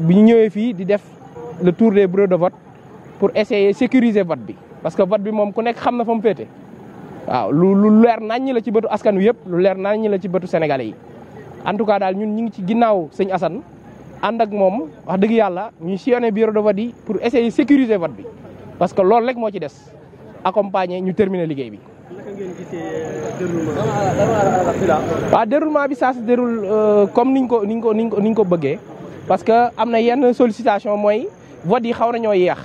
bu ñu ñëwee fii di def le tour des bureaux de vote pour essayer sécuriser vote bi parce que vote bi moom ku nekk xam na fa mu féete waaw lu lu leer naññi la ci bëtu askan wi yëpp lu leer naññi la ci bëtu sénégalais yi en tout cas daal ñun ñu ngi ci ginnaaw sëñ Assane ànd ak moom wax dëgg yàlla ñu sillonné bureau de vote yi pour essayer sécuriser vote bi parce que loolu rek moo ci des accompagner ñu terminer liggéey bi. Euh, waaw déroulement bi ça derul déroule euh, comme niñ ko niñ ko niñ ko niñ ko bëggee. parce que am na yenn sollicitation mooy vote yi xaw nañoo yeex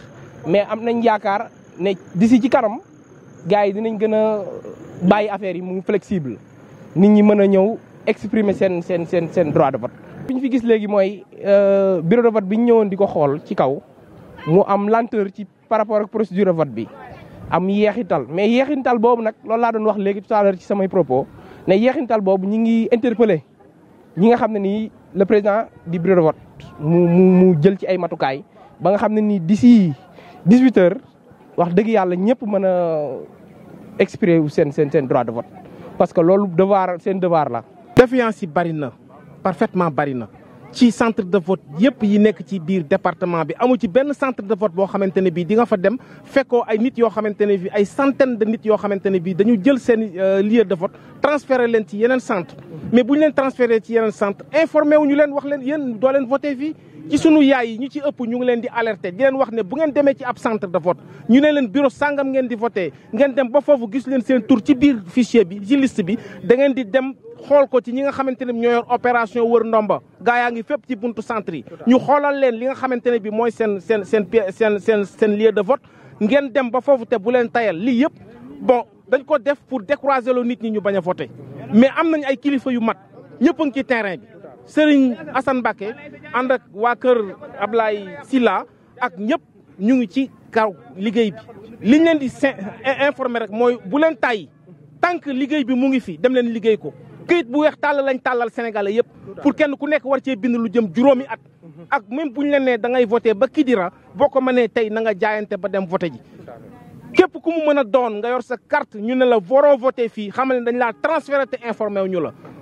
mais am nañ yaakaar ne d'ici ci kanam gars yi dinañ gën a bàyyi affaire yi mu flexible nit ñi mën a ñëw exprimer seen seen seen seen droit de vote. bi ñu fi gis léegi mooy euh, bureau de vote bi ñu ñëwoon di ko xool ci kaw mu am lenteur ci par rapport ak procédure de vote bi am yeexital mais yeexital boobu nag loolu laa doon wax léegi tout ci samay propos ne yeexintal boobu ñu ngi interpellé ñi nga xam ne nii le président du bureau vote mu mu jël ci ay matukaay ba nga xam ne nii disi dix-huit wax dëgg yàlla ñëpp mën a exprimer wu seen seen seen de vote parce que loolu devoir seen devoir la défiance yi bari na parfaitement bari na ci centre de vote yëpp yi nekk ci biir département bi amu ci benn centre de vote boo xamante ne bii di nga fa dem fekkoo ay nit yoo xamante ne bii ay centaine de nit yoo xamante ne bii dañu jël seen euh, lieu de vote transféré leen ci yeneen centre mais bu ñu leen transféré ci yeneen centre informé wu ñu leen wax leen yéen doo leen ci sunu yaay yi ñu ci ëpp ñu ngi leen di alerté di leen wax ne bu ngeen demee ci ab centre de vote ñu ne leen bureau sangam ngeen di voté ngeen dem ba foofu gis leen seen tur ci biir fichier bi ci bi da ngeen di dem xool ko ci ñi nga xamante ne bi ñoo yor wër ndomba gaa yaa ngi fépp ci bunt centre yi ñu xoolal leen li nga xamante ne bi mooy seen sen seen seen seen seen lieu de ngeen dem ba foofu te bu leen tayal lii yëpp bon dañ ko def pour décourager loo nit ñi ñu bañ a voter mais am nañ ay kilifa yu mat ñëpp a ngi ci terrain bi Serigne Assane Mbacké ànd ak waa kër Ablaye Sylla ak ñëpp ñu ngi ci kaw liggéey bi liñ leen di informer rek mooy bu leen tàyyi tant liggéey bi mu ngi fi dem leen liggéey ko këyit bu weex tàll lañ tàllal sénégalais yëpp pour kenn ku nekk war cee bind lu jëm juróomi at ak même bu ñu la nee da ngay voté ba Kidira boo ko mënee tey na nga jaayante ba dem voté ji képp ku mu mën a doon nga yor sa carte ñu ne la waroo voté fii xamal ne dañ laa transféré te informé wu ñu la